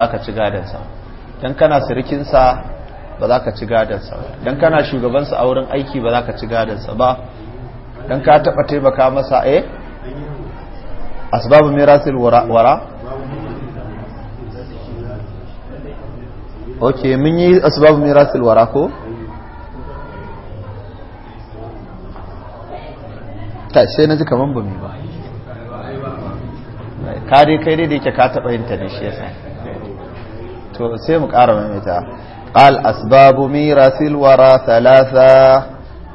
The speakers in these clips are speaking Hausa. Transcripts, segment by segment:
aka ci gadansa don kana sirikinsa ba za ka ci gadansa ba don kana shugabansa a wurin aiki ba za ka ci gadansa ba don ka taɓa taimaka masa eh asbabun mirasil wara ok mun yi asbabun mirasil wara ko ta sai na ji kaman ba mai ba kare kai dai da yake ka taɓa yin ta ne shi yasa to sai mu ƙara maimaita ƙal asbabu mirasil wara thalatha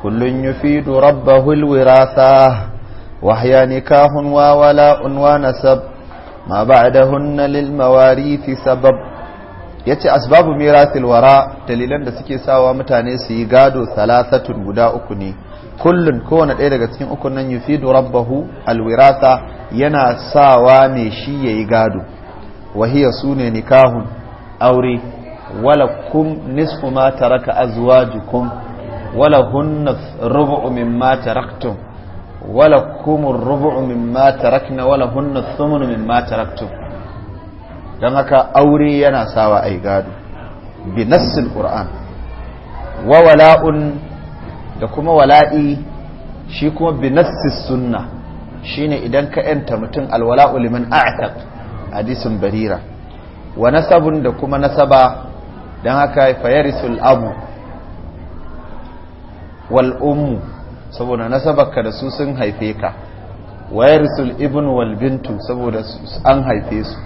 kullun yufidu rabbahu alwiratha wahya nikahun wa unwa wa nasab ma ba'dahunna lil mawarith sabab yace asbabu mirasil wara dalilan da suke sawa mutane su yi gado salasatun guda uku ne kullum kowane ɗaya daga cikin uku nan yufidu rabbahu alwiratha yana sawa ne shi yayi gado wahiya sune nikahun aure wala walakum nisfu ma taraka azwajukum wala hunna rubu'u mimma taraktum kum rubu'u mimma tarakna wala hunna thumnu mimma taraktum dan haka aure yana sawa ai gado bi nassil qur'an wa wala'un da kuma wala'i shi kuma bi nassis sunna shine idan ka yanta mutum alwala'u liman a'taq hadisin barira wa nasabun da kuma nasaba don haka fayarisul abu wal ummu saboda nasabarka da su sun haife ka wayarisul ibn wal bintu saboda an haife su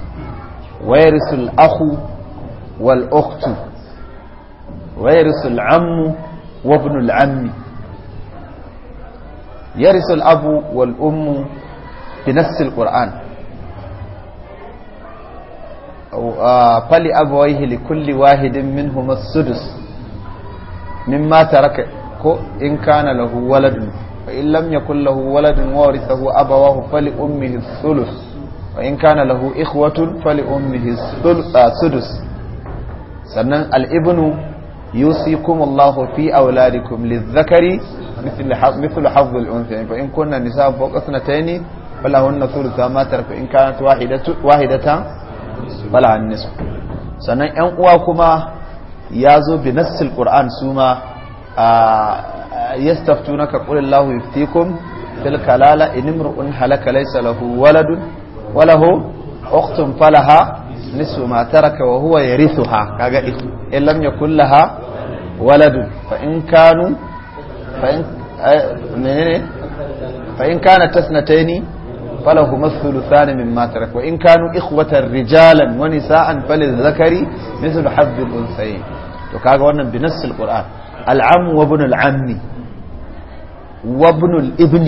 wayarisul akhu wal ukhtu wayarisul ammu wabnul ibnul ammi yarisul abu wal ummu bi nassil qur'an fali abawaihi li kulli wahidin minhum as-sudus mimma taraka ko in kana lahu waladun fa in lam yakul lahu waladun warithahu abawahu fali ummihi sulus wa in kana lahu ikhwatun fali ummihi sudus sannan al-ibnu yusikumullahu fi auladikum lidh-dhakari مثل حظ الأنثيين فإن كنا نساء فوق اثنتين فلهن ثلثا ما ترك إن كانت واحدة, واحدة sanan hannisu sannan yan uwa kuma ya zo bi nassil qur'an su ma yastaftunaka qul illahu yuftikum fil kalala in imru'un halaka lahu waladun falaha ma taraka wa huwa kaga waladun kanu فلهما الثلثان مما ترك وإن كانوا إخوة رجالا ونساء فللذكر مثل حظ الأنثيين وكاغا wannan بنص القرآن العم وابن العم وابن الابن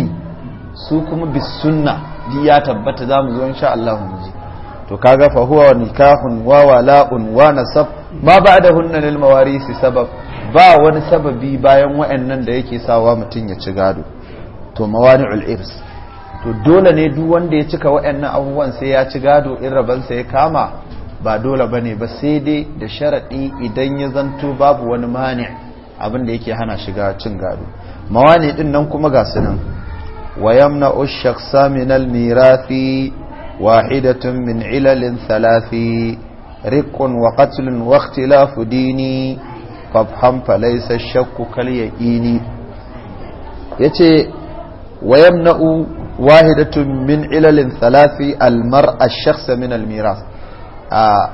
su kuma bisunna di ya tabbata zamu zo insha Allah mu ji to kaga fa huwa nikahun wa wala'un mawarisi sabab ba wani sababi bayan waɗannan da yake sawa mutum ya ci gado to mawani'ul irs to dole ne duk wanda ya cika waɗannan abubuwan sai ya ci gado in rabansa ya kama ba dole ba ne ba sai dai da sharaɗi idan ya zanto babu wani mani abin da yake hana shiga cin gado mawani ɗin nan kuma ga su nan wa yamna ushaksa minal mirafi wahidatun min ilalin salafi, rikon wa katilin wa ikhtilafu dini fafham fa shakku shakku kal ya yace wayam na'u. واحدة min ilalin salafi المرأة ash من الميراث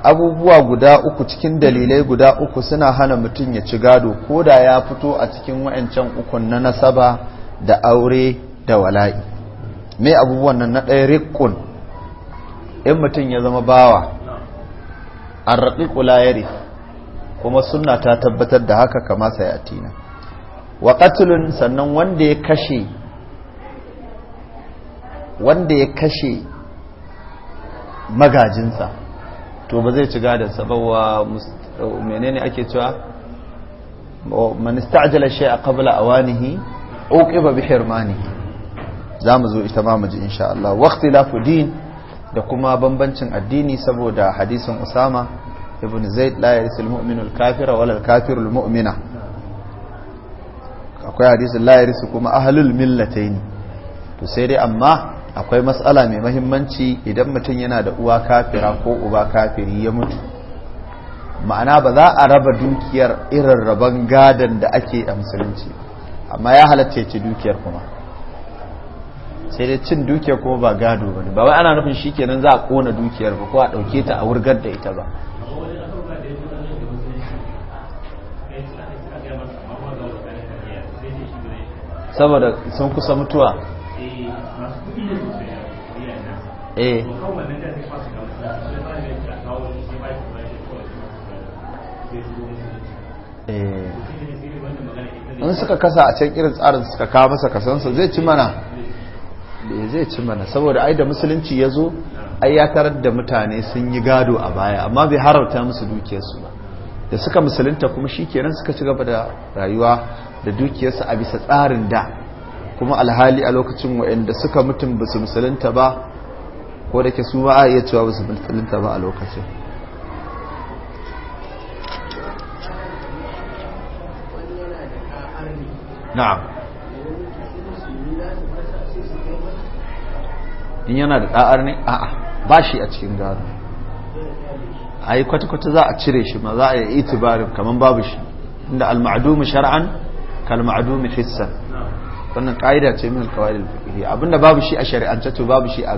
abubuwa guda uku cikin dalilai guda uku suna hana mutum ya ci gado ko da ya fito a cikin wayancan ukun na nasaba da aure da wala'i me abubuwan nan na ɗaya riƙun in mutum ya zama bawa an ya ƙulayari kuma suna ta tabbatar da haka kama sayatina wa ƙatulun sannan wanda ya kashe wanda ya kashe magajinsa to ba zai ci gadansa sabawa menene ake cewa manista ista'jala shay'a a awanihi a wanihi oke ba zo ita ma mu ji insha Allah waqti lafu din da kuma bambancin addini saboda hadisun Usama ibn Zaid la da mu'minu kafira wala al-kafiru akwai hadisin la yarisu kuma millatai ne to sai dai amma akwai matsala mai mahimmanci idan mutum yana da uwa kafira ko uba kafiri ya mutu ma'ana ba za a raba dukiyar irin rabon gadon da ake a musulunci amma ya halatta ce dukiyar kuma sai dai cin dukiyar kuma ba gado ba ne ba wai ana nufin shi kenan za a kona dukiyar ba ko a ɗauke ta a wurgar da ita ba saboda sun kusa mutuwa Eh. Eh. in suka kasa a can irin tsarin suka kawo masa kasansa zai ci mana eh, zai ci mana saboda ai da musulunci ya zo ai ya tarar da mutane sun yi gado a baya amma bai harauta musu dukiyarsu ba da suka musulunta kuma shi kenan suka ci gaba da rayuwa da dukiyarsu a bisa tsarin da kuma alhali a lokacin waɗanda suka mutum ba su musulunta ba ko da ke su ma a iya cewa ba su musulunta ba a lokacin na'am in yana da ɗa'ar ne a'a ba shi a cikin gano a yi kwata-kwata za a cire shi ma za a yi itibarin kamar babu shi inda al-ma'adumi shar'an kal-ma'adumi hissan wannan ƙa'ida ce min al-kawai abinda babu shi a shari'ance to babu shi a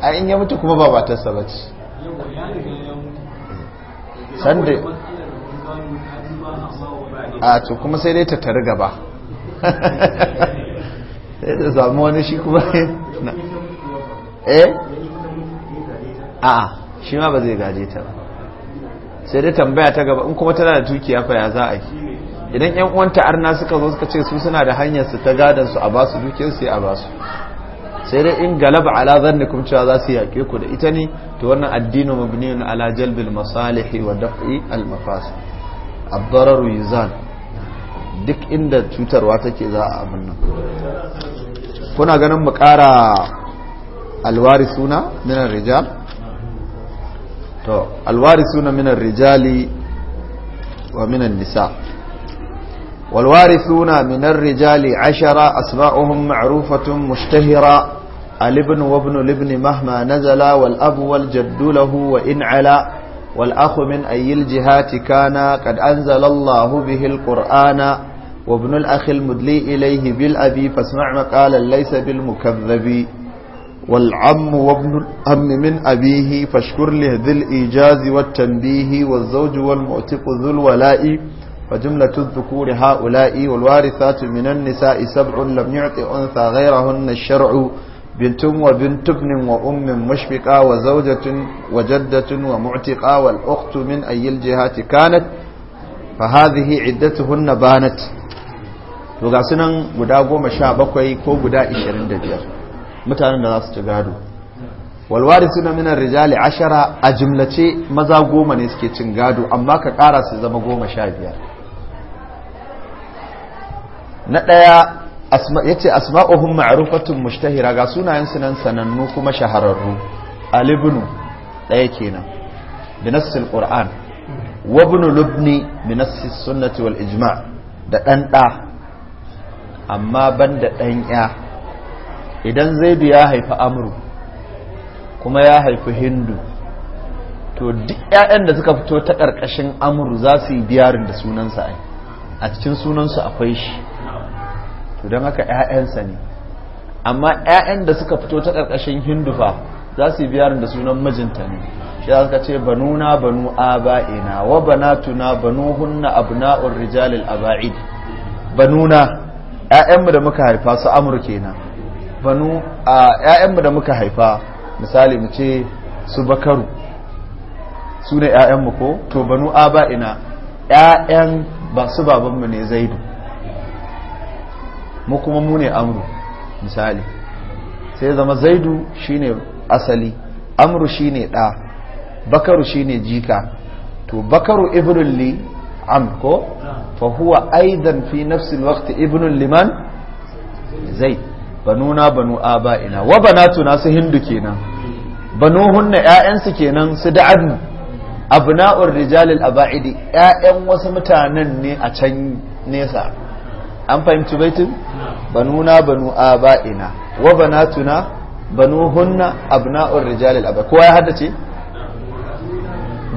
a in ya mutu kuma ba matarsa ba ce sanda a to kuma sai dai ta tari gaba sai da samu wani shi kuma eh a shi ma ba zai gaje ta ba sai dai tambaya ta gaba in kuma tana da tuki ya ya za a yi idan yan uwanta arna suka zo suka ce su suna da hanyar su ta gadansu su a basu dukiyar su a basu sai dai in galaba ala zannikum cewa za su yaƙe ku da ita ne to wannan addinu mabniyun ala jalbil masalihi wa daf'i al mafasid abdarar yuzan duk inda cutarwa take za a abin nan kuna ganin mu ƙara alwari suna minar rijal to alwari suna minar rijali wa minan nisa والوارثون من الرجال عشرة أسماؤهم معروفة مشتهرة الابن وابن الابن مهما نزل والأب والجد له وإن علا والأخ من أي الجهات كان قد أنزل الله به القرآن وابن الأخ المدلي إليه بالأبي فاسمع مقالا ليس بالمكذب والعم وابن الأم من أبيه فاشكر له ذي الإيجاز والتنبيه والزوج والمؤتق ذو الولاء فجملة الذكور هؤلاء والوارثات من النساء سبع لم يعطي أنثى غيرهن الشرع بنتم wa ابن وام مشفقه وزوجه وجده ومعتقه والاخت من اي الجهات كانت فهذه عدتهن بانت to ga sunan guda goma sha bakwai ko guda ishirin da biyar mutanen da za su ci gado walwari suna minar rijali ashara a jimlace maza goma ne suke cin gado amma ka kara su zama goma sha biyar na ɗaya yace asma'uhum ma'rufatun mushtahira ga sunayen sunan sanannu kuma shahararru alibnu daya kenan binassil qur'an wa lubni binassis sunnati wal ijma' da dan da amma banda ɗan ya idan zaidu ya haifi amru kuma ya haifi hindu to duk ƴaƴan da suka fito ta ƙarƙashin amru za su yi biyarin da sunansa ai a cikin sunansu akwai shi to don haka 'ya'yansa ne amma 'ya'yan da suka fito ta ƙarƙashin hindufa za su yi biyarin da sunan mijinta ne shi za ka ce na banu aba'ina wa tuna hunna abu abna'ur rijalil aba'id na 'ya'yanmu da muka haifa su amurke na banu a 'ya'yanmu da muka haifa misali mu ce su bakaru su ne 'ya'yanmu ko to banu aba'ina 'ya'yan ba su babanmu ne zaidu mu kuma mu ne amru misali sai zama zaidu shine asali amru shine ɗa bakaru shine jika to bakaru ibnul li am ko fa huwa aidan fi nafsi alwaqti ibnul liman zaid banuna banu aba'ina wa banatuna su hindu kenan banuhunna ƴaƴansu kenan su da'adnu abna'ur rijalil aba'idi ƴaƴan wasu mutanen ne a can nesa an fahimci baitin banuna banu aba'ina wa banatuna banu hunna abna'ur rijal al kowa ya haddace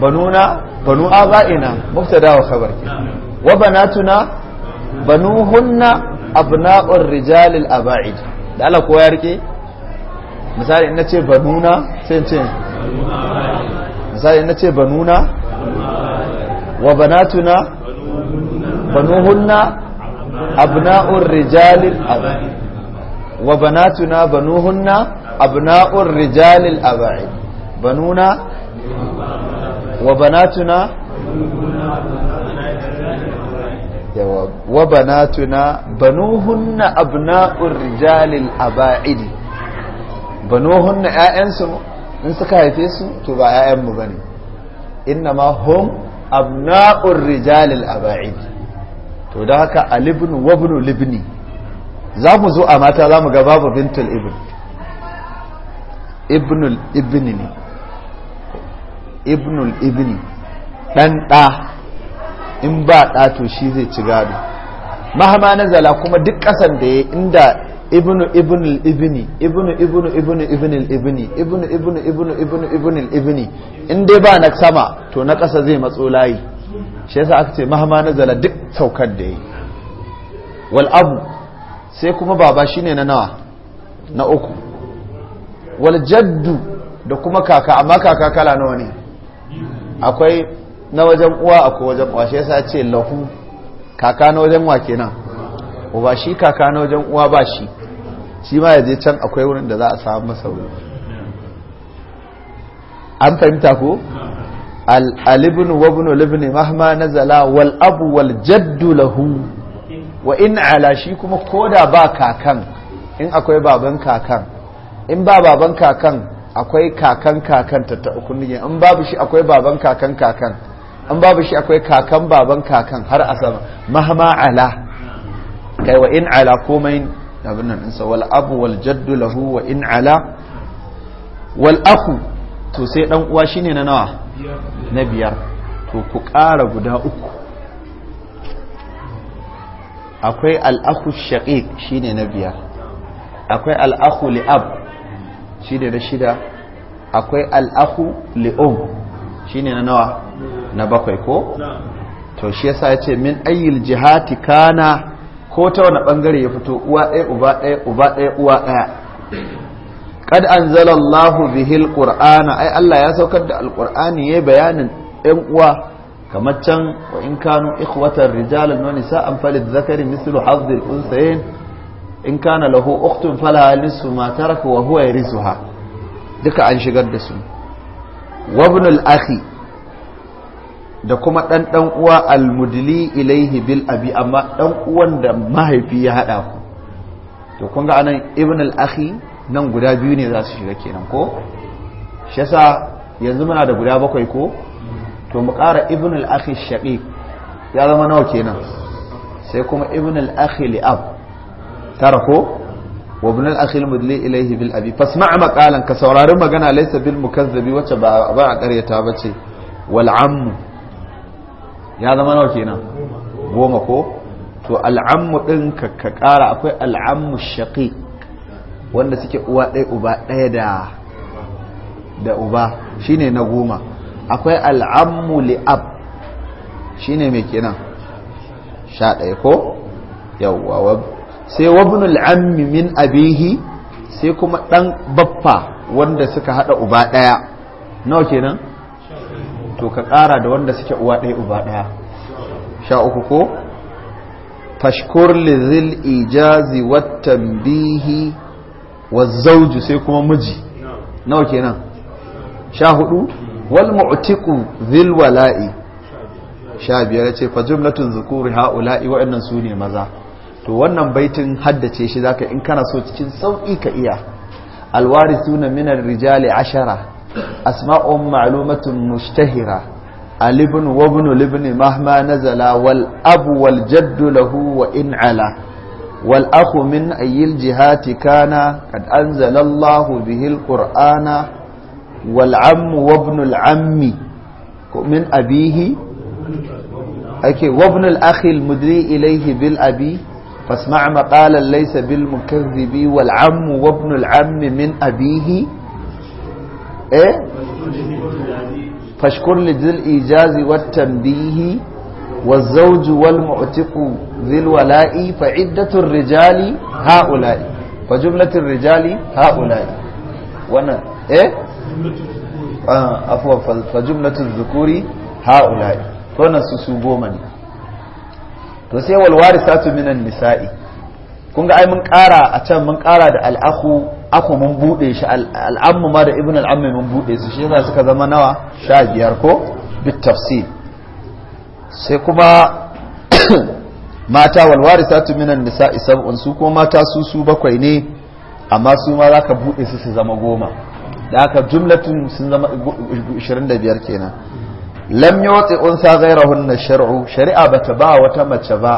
banuna banu aba'ina mubtada wa khabar ke wa banatuna banu hunna abna'ur rijal al aba'id da Allah kowa ya rike misali in nace banuna sai ce misali in nace banuna wa banatuna banu hunna abna'ur rijalil abai wa banatuna banuhunna abna'ur rijalil abai banuna wa banatuna wa banatuna banuhunna abna'ur rijalil aba'id banuhunna ƴaƴansu in suka haife su to ba ƴaƴanmu bane inna ma hum abna'ur rijalil aba'id to da haka alibnu wabnu libni za mu zo a mata za mu ga babu bintul ibn ibnul ibni ne ibnul ibni dan da in ba da to shi zai ci gado mahama nazala kuma duk kasan da ya inda ibnu ibnul ibni ibnu ibnu ibnu ibnul ibni ibnu ibnu ibnu ibnu ibnul ibni in dai ba na sama to na kasa zai matso layi shi yasa aka ce mahama nazala duk saukar da yi wal abu sai kuma baba shi ne na nawa na uku wal jaddu da kuma kaka amma kaka kala nawa ne akwai na wajen uwa akwai wajen uwa shi yasa ce lahu kaka na wajen wa kenan ba shi kaka na wajen uwa ba shi shi ma je can akwai wurin da za a samu masa wuri an fahimta ko الابن وابن الابن مهما نزل والاب والجد له وان على شي kuma koda ba kakan in akwai baban kakan in ba baban kakan akwai kakan kakan ta kunniye in babu shi akwai baban kakan kakan in babu shi akwai kakan baban kakan har a sama mahma ala kai wa in ala komai abin nan insa wa in ala wal aku to sai dan uwa na nawa na biyar to ku ƙara guda uku akwai al'akhu shi ne na biyar akwai al'akhu li'ab shi ne na shida akwai al'akhu li'um ne na nawa na bakwai ko to shi yasa yace min ayyil jihati kana ko ta wani bangare ya fito uwa ɗaya uba ɗaya uba ɗaya uwa ɗaya kad anzalallahu bihil bihi alqur'ana ai Allah ya saukar da alqur'ani yayin bayanin ɗan uwa kamar can wa in kanu ikhwatan rijalan wa nisa'an falidh-dhakari mithlu hadhi al-unthayayn in kana lahu ukhtun falaha nisfu ma taraka wa huwa yarithuha duka an shigar da su wa ibn akhi da kuma ɗan ɗan uwa almudili ilaihi bil abi amma ɗan uwan da mahaifi ya haɗa ku to kun ga anan ibnul akhi nan guda biyu ne za su shiga kenan ko shi yasa yanzu muna da guda bakwai ko to mu ƙara ibn al-akhi shaqiq ya zama nawa kenan sai kuma ibn al-akhi li'ab tara ko wa ibn al-akhi al-mudli ilayhi bil abi fasma' maqalan ka saurari magana laysa bil mukazzabi wacce ba ba a ƙaryata bace wal amm ya zama nawa kenan goma ko to al-amm din ka ƙara akwai al-amm shaqiq wanda suke uwa ɗaya uba ɗaya da da uba shine na goma akwai al'ammu li'ab shine mai kenan sha ɗaya ko yawwa sai wabnul ammi min abihi sai kuma ɗan baffa wanda suka haɗa uba ɗaya nawa kenan to ka ƙara da wanda suke uwa ɗaya uba ɗaya sha uku ko fashkur li zil ijazi watan tambihi wa zauju sai kuma miji nawa kenan sha hudu wal mu'tiqu dhil wala'i sha biyar ce fa jumlatun zukuri ha'ula'i wa'annan su ne maza to wannan baitin haddace shi zaka in kana so cikin sauki ka iya alwarithuna min ar-rijali ashara asma'un ma'lumatun mushtahira alibn wa ibn libn mahma nazala wal abu wal jaddu lahu wa in ala wal akhu min ayyil jihati kana qad anzala Allahu bihi al-Qur'ana wal ammu wa ibn al-ammi min abihi ake wa bil فاسمع مقالا ليس بالمكذب والعم وابن العم من أبيه إيه فاشكر لذي الإيجاز والتنبيه والزوج والمعتق ذي الولاء فعدة الرجال هؤلاء فجملة الرجال هؤلاء وانا ايه عفوا فجملة الذكور هؤلاء فانا سسوبو من تسي والوارثات من النساء kun ga ai mun kara a can mun kara da al'aku aku da ibn al'ammi mun bude su shi yana suka zama nawa sha biyar ko bit sai kuma mata walwari walwarisatu minan nisa isa su kuma mata su su bakwai ne amma su ma za ka buɗe su su zama goma da aka jumlatun sun zama 25 kenan lam yawti unsa na shari'u shari'a bata ba wata mace ba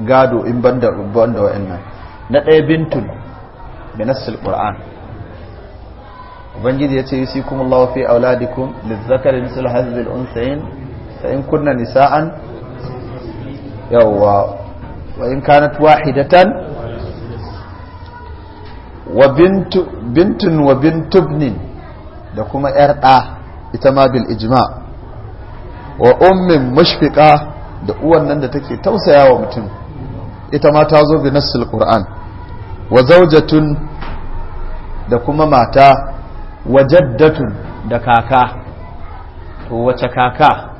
gado in banda banda wa'annan na ɗaya bintun bi qur'an ubangiji ce yusikum Allahu fi auladikum lizzakari mislu hadhihi unsayin in kunna nisa'an yawwa wa wahidatan wa bintu bintun wa yar da ita wa ummin mushfiqa da da take tausayawa mutum ita ma da kuma mata wa da kaka to wace kaka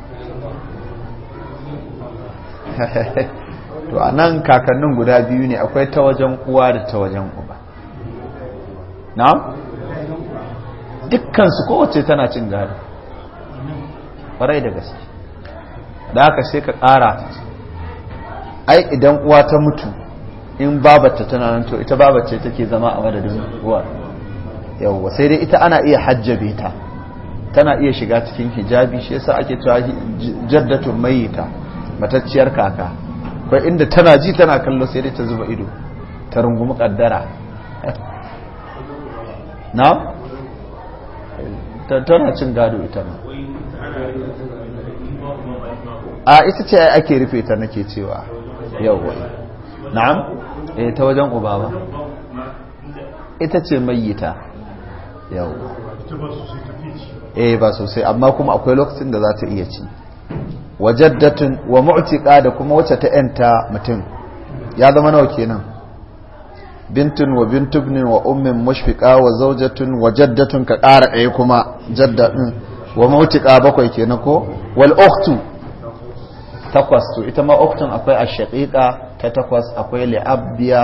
to a nan kakannin guda biyu ne akwai ta wajen uwa da ta wajen uba na? dukkansu kowace tana cin gari farai da gaske da aka sai ka kara ai idan uwa ta mutu in babata tana nan to ita babace take zama a madadin uwa yawwa sai dai ita ana iya hajjabe ta tana iya shiga cikin hijabi shi yasa ake cewa jaddatun mayyita matacciyar kaka ko inda tana ji tana kallo sai dai ta zuba ido ta rungumi kaddara na? tana cin gado ita ma a ita ce ake rufe ta nake cewa yau wani na'am eh ta wajen uba ba ita ce mayyita yau eh ba sosai amma kuma akwai lokacin da za ta iya ci wa jaddatun wa mu'tika da kuma wacce ta yanta mutum ya zama nawa kenan bintun wa bintubnin wa ummin mushfiqa wa zawjatun wa jaddatun ka ƙara ɗaya kuma din wa mu'tika bakwai kenan ko wal ukhtu takwas to ita ma ukhtun akwai a ta takwas akwai li'abdiya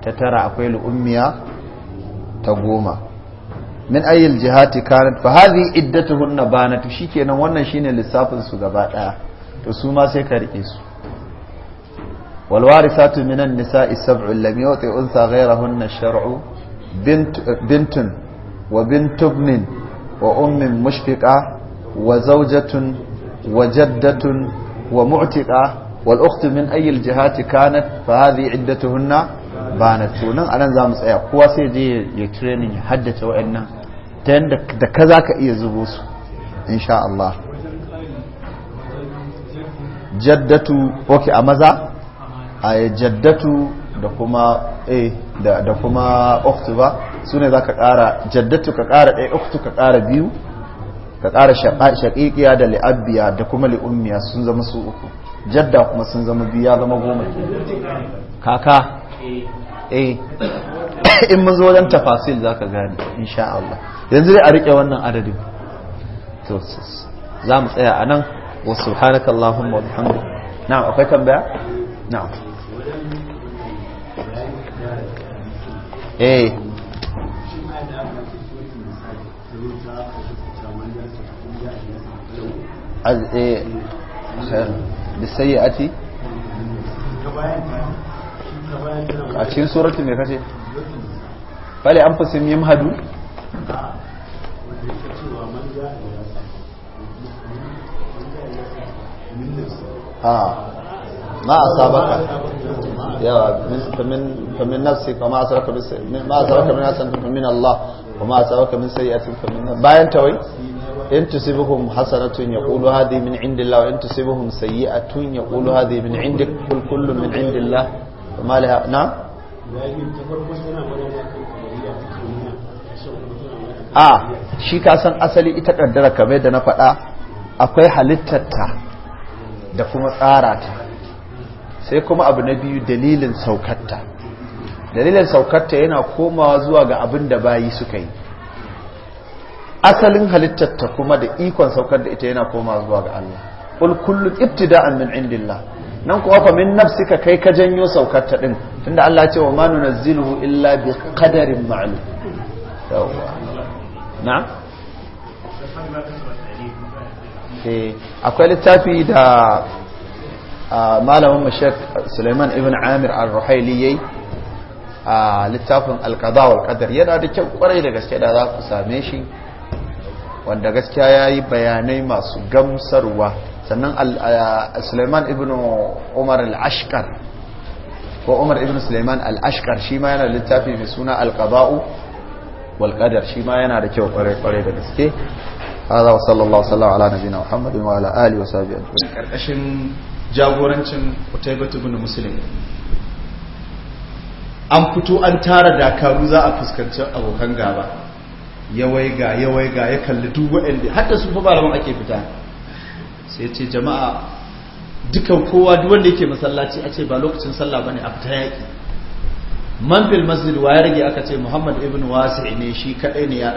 ta tara akwai li'ummiya ta goma min ayyul jihati kanat fa hadhi iddatuhunna banatu shikenan wannan shine lissafin su gaba daya to su ma sai ka rike su wal warithatu minan nisa'i sab'u lam yuti unsa ghayrahunna shar'u bint bintun wa bintubnin wa ummin mushfiqa wa zawjatun wa jaddatun wa mu'tiqa wal ukhtu min ayyul jihati kanat fa hadhi iddatuhunna na tunan anan za mu tsaya kowa sai je ya training ya haddace wa'annan ta yadda da ka za ka iya zubo su insha Allah jaddatu ok a maza a jaddatu da kuma a da kuma oktu ba su ne za ka ƙara jaddatu ka ƙara ɗaya oktu ka ƙara biyu ka ƙara shaƙiƙiya da li'abbiya da kuma li'ummiya sun zama su uku jadda kuma sun zama biya zama goma kaka a in mun zo wajen tafasil zaka gane insha Allah yanzu dai a rike wannan adadin to za mu tsaya anan wa subhanaka allahumma wa bihamdika na'am akwai tambaya na'am eh az eh bisayyati a cikin suratul me kace an hadu a ma a sabaka yawa famin nafsi wa ma a min hasan famin Allah wa ma a sabaka min sayyatin famin nafsi bayan tawai in tusibuhum hasanatun yaqulu hadhihi min indillah wa in tusibuhum sayyi'atun yaqulu a tun ya kulu kullu min indillah wa ma laha na ta farko yana a shi ka san asali ita kaddara kamar da na faɗa akwai halittarta da kuma tsarata sai kuma abu na biyu dalilin saukarta dalilin saukarta yana komawa zuwa ga abin da bayi suka yi asalin halittarta kuma da ikon saukar da ita yana komawa zuwa ga Allah kul kullu ibtida'an min indillah nan kuwa fa min nafsika kai ka janyo saukarta din tunda Allah ya ce wa ma nunazzilu illa bi qadarin ma'lum yawa Eh, akwai littafi da ah, malamin mashek suleiman ibn amir al-ruhaili yayi a ah, littafin alkaza wal qadar yana da kyau kwarai da gaske da za ku same shi wanda gaskiya yayi bayanai masu gamsarwa sannan ah, Suleiman ibn Umar al ashkar ko Umar ibn Suleiman al ashkar shi ma yana littafi mai suna al wal qadar shi ma yana da kyau kware kware da gaske hada wa sallallahu sallam ala nabiyina muhammadin wa ala alihi wa sahbihi ajma'in karkashin jagorancin Qutaybah ibn Muslim an fito an tara dakaru za a fuskanci abokan gaba yawai ga yawai ga ya kalli duk waɗanda hatta su fa malaman ake fita sai ce jama'a dukan kowa duk wanda yake masallaci a ce ba lokacin sallah bane a fita yaki man fil masjid wa ya rage aka ce muhammad ibn wasi ne shi kadai ne ya